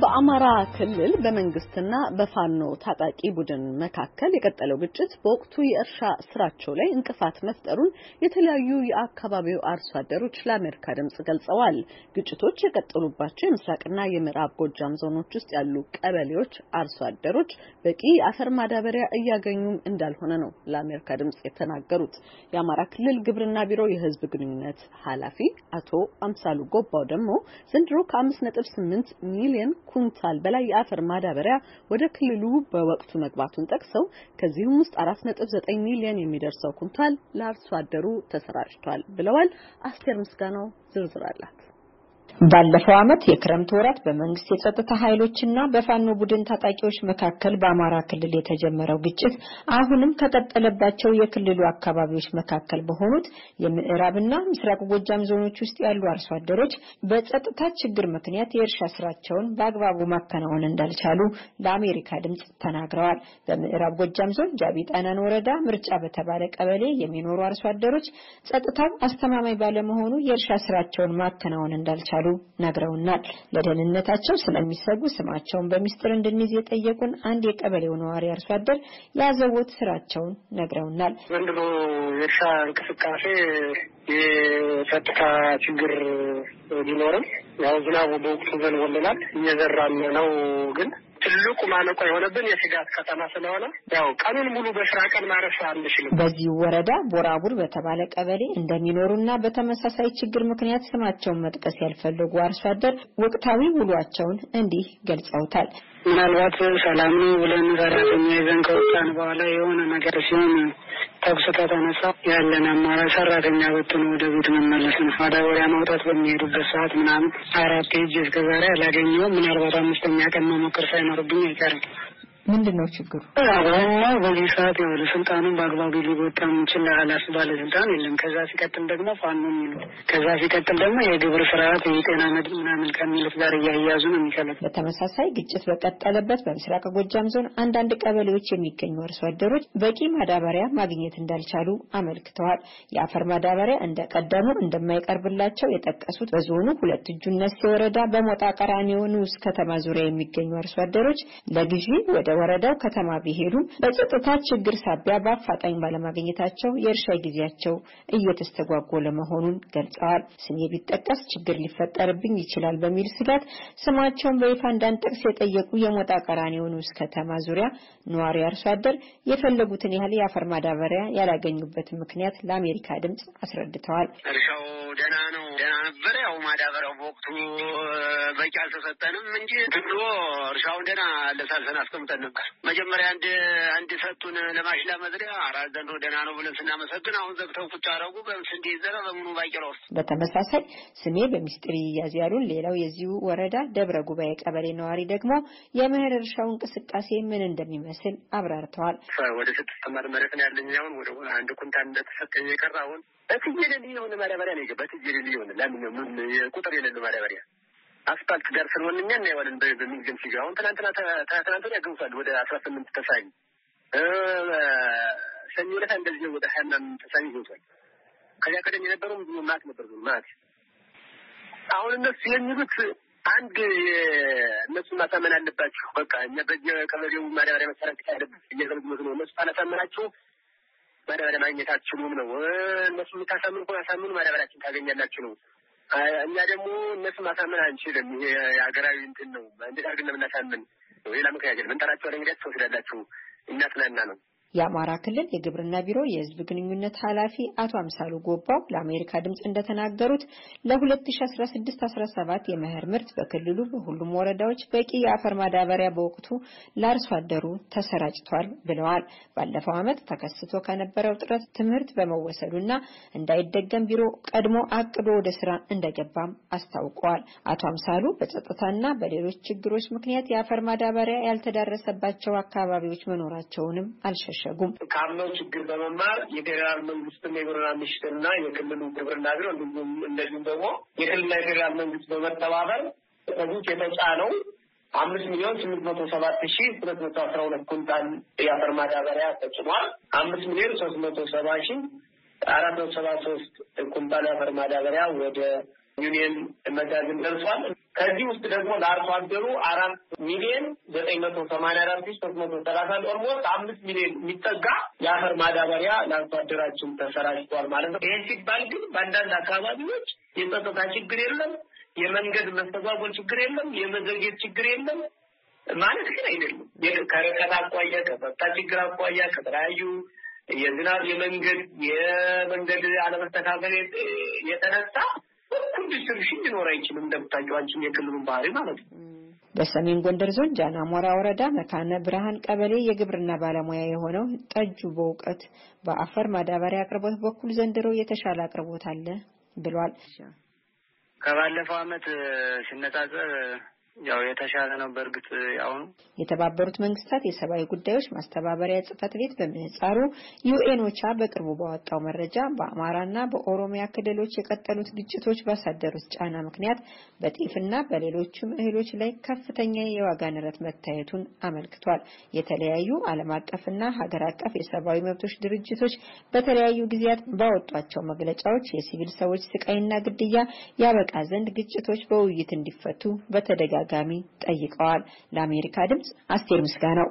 በአማራ ክልል በመንግስትና በፋኖ ታጣቂ ቡድን መካከል የቀጠለው ግጭት በወቅቱ የእርሻ ስራቸው ላይ እንቅፋት መፍጠሩን የተለያዩ የአካባቢው አርሶ አደሮች ለአሜሪካ ድምጽ ገልጸዋል። ግጭቶች የቀጠሉባቸው የምስራቅና የምዕራብ ጎጃም ዞኖች ውስጥ ያሉ ቀበሌዎች አርሶ አደሮች በቂ የአፈር ማዳበሪያ እያገኙም እንዳልሆነ ነው ለአሜሪካ ድምጽ የተናገሩት። የአማራ ክልል ግብርና ቢሮ የህዝብ ግንኙነት ኃላፊ አቶ አምሳሉ ጎባው ደግሞ ዘንድሮ ከ5.8 ሚሊዮን ኩንታል በላይ የአፈር ማዳበሪያ ወደ ክልሉ በወቅቱ መግባቱን ጠቅሰው ከዚህም ውስጥ 4.9 ሚሊዮን የሚደርሰው ኩንታል ለአርሶ አደሩ ተሰራጭቷል ብለዋል። አስቴር ምስጋናው ዝርዝር አላት። ባለፈው ዓመት የክረምት ወራት በመንግስት የጸጥታ ኃይሎችና በፋኖ ቡድን ታጣቂዎች መካከል በአማራ ክልል የተጀመረው ግጭት አሁንም ከቀጠለባቸው የክልሉ አካባቢዎች መካከል በሆኑት የምዕራብና ምስራቅ ጎጃም ዞኖች ውስጥ ያሉ አርሶ አደሮች በጸጥታ ችግር ምክንያት የእርሻ ስራቸውን በአግባቡ ማከናወን እንዳልቻሉ ለአሜሪካ ድምፅ ተናግረዋል። በምዕራብ ጎጃም ዞን ጃቢ ጣናን ወረዳ ምርጫ በተባለ ቀበሌ የሚኖሩ አርሶ አደሮች ጸጥታው አስተማማኝ ባለመሆኑ የእርሻ ስራቸውን ማከናወን እንዳልቻሉ እንዳሉ ነግረውናል። ለደህንነታቸው ስለሚሰጉ ስማቸውን በሚስጥር እንድንይዝ የጠየቁን አንድ የቀበሌው ነዋሪ አርሶ አደር ያዘቦት ስራቸውን ነግረውናል። ዘንድሮ የእርሻ እንቅስቃሴ የጸጥታ ችግር ቢኖርም ያው ዝናቡ በወቅቱ ዘንቦልናል። እየዘራን ነው ግን ትልቁ ማነቆ የሆነብን የስጋት ከተማ ስለሆነ ያው ቀኑን ሙሉ በስራ ቀን ማረፍ አንችልም። በዚህ ወረዳ ቦራቡር በተባለ ቀበሌ እንደሚኖሩና በተመሳሳይ ችግር ምክንያት ስማቸውን መጥቀስ ያልፈለጉ አርሶ አደር ወቅታዊ ውሏቸውን እንዲህ ገልጸውታል። ምናልባት ሰላም ነው ብለን ሰራተኛ ይዘን ከወጣን በኋላ የሆነ ነገር ሲሆን ተኩስ ከተነሳ ያለን አማራ ሰራተኛ በትኖ ወደ ቤት መመለስ ነው። ማዳበሪያ ማውጣት በሚሄዱበት ሰዓት ምናምን አራት ጅ እስከዛሬ አላገኘውም። ምናልባት አምስተኛ ቀን መሞከር ሳይኖርብኝ አይቀርም። ምንድን ነው ችግሩ? ዋና በዚህ ሰዓት የሆነ ስልጣኑን በአግባቡ ሊወጣ የሚችል ኃላፊ ባለስልጣን የለም። ከዛ ሲቀጥል ደግሞ ፋኖ የሚሉት ከዛ ሲቀጥል ደግሞ የግብር ስርዓት የጤና መድ ምናምን ከሚሉት ጋር እያያዙ ነው የሚከለት። በተመሳሳይ ግጭት በቀጠለበት በምስራቅ ጎጃም ዞን አንዳንድ ቀበሌዎች የሚገኙ አርሶ አደሮች በቂ ማዳበሪያ ማግኘት እንዳልቻሉ አመልክተዋል። የአፈር ማዳበሪያ እንደ ቀደሙ እንደማይቀርብላቸው የጠቀሱት በዞኑ ሁለት እጁ እነሴ ወረዳ በሞጣ ቀራኒዮ ንዑስ ከተማ ዙሪያ የሚገኙ አርሶ አደሮች ለግዢ ወደ ወረዳው ከተማ ቢሄዱም በጸጥታ ችግር ሳቢያ በአፋጣኝ ባለማግኘታቸው የእርሻ ጊዜያቸው እየተስተጓጎለ መሆኑን ገልጸዋል። ስሜ ቢጠቀስ ችግር ሊፈጠርብኝ ይችላል በሚል ስጋት ስማቸውን በይፋ እንዳንጠቅስ የጠየቁ የሞጣ ቀራኒዮ ንዑስ ከተማ ዙሪያ ነዋሪ አርሶ አደር የፈለጉትን ያህል የአፈር ማዳበሪያ ያላገኙበትን ምክንያት ለአሜሪካ ድምጽ አስረድተዋል። እርሻው ደህና ነው ያው ማዳበሪያው በወቅቱ በቂ አልተሰጠንም እንጂ ድሮ እርሻውን ደህና ለሳልሰን አስቀምጠን ነበር። መጀመሪያ አንድ አንድ ሰጡን ለማሽላ መዝሪያ አራት ዘንድሮ ደህና ነው ብለን ስናመሰግን አሁን ዘግተው ቁጭ አረጉ። በምስ ይዘራ በምኑ ባቄላ ውስጥ በተመሳሳይ ስሜ በሚስጥር ይያዝ ያሉን ሌላው የዚሁ ወረዳ ደብረ ጉባኤ ቀበሌ ነዋሪ ደግሞ የምህር እርሻው እንቅስቃሴ ምን እንደሚመስል አብራርተዋል። ወደ ስድስት መሬት ነው ያለኝ አሁን ወደ አንድ ኩንታል እንደተሰጠኝ የቀረ አሁን በትየለል የሆነ ማዳበሪያ ነው የገባ። ትየለል የሆነ ለምን ምን ቁጥር የሌለው ማዳበሪያ አስፋልት ጋር ስለሆነ እኛ እናየዋለን በሚገም ሲገ አሁን ትናንትና ትናንት ወዲያ ገብቷል ወደ አስራ ስምንት ተሳቢ ሰኞ ዕለት እንደዚህ ወደ ሀያ ምናምን ተሳቢ ገብቷል። ከዚያ ቀደም የነበረው ምንድ ማት ነበር ማት አሁን እነሱ የሚሉት አንድ እነሱ ማሳመን አለባችሁ። በቃ እኛ በየ ቀበሌው ማዳበሪያ መሰረት ያለበት እየገለግሎት ነው እነሱ ካላሳመናችሁ ማዳበሪያ ማግኘት አትችሉም ነው እነሱ የምታሳምን እኮ ያሳምኑ ማዳበሪያችን ታገኛላችሁ ነው። እኛ ደግሞ እነሱ ማሳምን አንችልም። ይሄ የሀገራዊ እንትን ነው። እንዴት አድርገን ለምናሳምን ሌላ ምክንያት የለም። እንጠራቸዋለን እንግዲህ ትወስዳላችሁ እናጥናና ነው የአማራ ክልል የግብርና ቢሮ የሕዝብ ግንኙነት ኃላፊ አቶ አምሳሉ ጎባው ለአሜሪካ ድምፅ እንደተናገሩት ለ2016/17 የመኸር ምርት በክልሉ በሁሉም ወረዳዎች በቂ የአፈር ማዳበሪያ በወቅቱ ለአርሶ አደሩ ተሰራጭቷል ብለዋል። ባለፈው ዓመት ተከስቶ ከነበረው ጥረት ትምህርት በመወሰዱና እንዳይደገም ቢሮ ቀድሞ አቅዶ ወደ ስራ እንደገባም አስታውቀዋል። አቶ አምሳሉ በጸጥታና በሌሎች ችግሮች ምክንያት የአፈር ማዳበሪያ ያልተዳረሰባቸው አካባቢዎች መኖራቸውንም አልሸሸ አልሸሸጉም። ካለው ችግር በመማር የፌዴራል መንግስትም የግብርና ሚኒስቴርና የክልሉ ግብርና ቢሮ እንደዚሁም ደግሞ የክልልና የፌዴራል መንግስት በመተባበር ከዚህ የተጫነው አምስት ሚሊዮን ስምንት መቶ ሰባት ሺ ሁለት መቶ አስራ ሁለት ኩንታል የአፈር ማዳበሪያ ተጭኗል። አምስት ሚሊዮን ሶስት መቶ ሰባ ሺ አራት መቶ ሰባ ሶስት ኩንታል የአፈር ማዳበሪያ ወደ ዩኒየን መጋዘን ደርሷል። ከዚህ ውስጥ ደግሞ ለአርሶ አደሩ አራት ሚሊዮን ዘጠኝ መቶ ሰማንያ አራት ሺ ሶስት መቶ ሰላሳ አንድ ኦልሞስት አምስት ሚሊዮን የሚጠጋ የአፈር ማዳበሪያ ለአርሶ አደራችን ተሰራጭቷል ማለት ነው። ይህ ሲባል ግን በአንዳንድ አካባቢዎች የጸጥታ ችግር የለም፣ የመንገድ መስተጓጎል ችግር የለም፣ የመዘግየት ችግር የለም ማለት ግን አይደለም። ከርቀት አኳያ፣ ከጸጥታ ችግር አኳያ፣ ከተለያዩ የዝናብ የመንገድ የመንገድ አለመስተካከል የተነሳ እኩል ዲስትሪቢሽን ሊኖር አይችልም። እንደምታውቂው አንቺም የክልሉን ባህሪ ማለት ነው። በሰሜን ጎንደር ዞን ጃና ሞራ ወረዳ መካነ ብርሃን ቀበሌ የግብርና ባለሙያ የሆነው ጠጁ በእውቀት በአፈር ማዳበሪያ አቅርቦት በኩል ዘንድሮ የተሻለ አቅርቦት አለ ብሏል። ከባለፈው ዓመት ሲነጻጸር ያው የተሻለ ነው። በእርግጥ አሁኑ የተባበሩት መንግስታት የሰብአዊ ጉዳዮች ማስተባበሪያ ጽህፈት ቤት በምህጻሩ ዩኤኖቻ በቅርቡ ባወጣው መረጃ በአማራና በኦሮሚያ ክልሎች የቀጠሉት ግጭቶች ባሳደሩት ጫና ምክንያት በጤፍና በሌሎችም እህሎች ላይ ከፍተኛ የዋጋ ንረት መታየቱን አመልክቷል። የተለያዩ ዓለም አቀፍና ሀገር አቀፍ የሰብአዊ መብቶች ድርጅቶች በተለያዩ ጊዜያት ባወጧቸው መግለጫዎች የሲቪል ሰዎች ስቃይና ግድያ ያበቃ ዘንድ ግጭቶች በውይይት እንዲፈቱ በተደጋጋሚ በተደጋጋሚ ጠይቀዋል። ለአሜሪካ ድምፅ አስቴር ምስጋናው